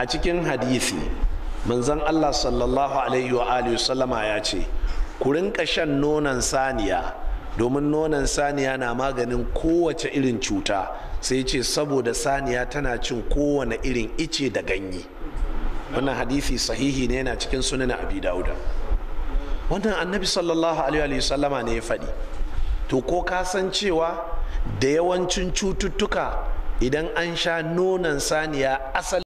a cikin hadisi manzon Allah sallallahu alaihi wa alihi sallama ya ce ku rinka shan nonon saniya domin nonon saniya na maganin kowace irin cuta sai ce saboda saniya tana cin kowane irin ice da ganye wannan hadisi sahihi ne yana cikin sunan abi dauda wannan annabi sallallahu alaihi wa sallama ne ya faɗi to ko ka san cewa da yawancin cututtuka idan an sha nonon saniya asali